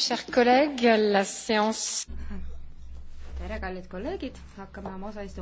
tere, kallid kolleegid, hakkame oma osaistungiga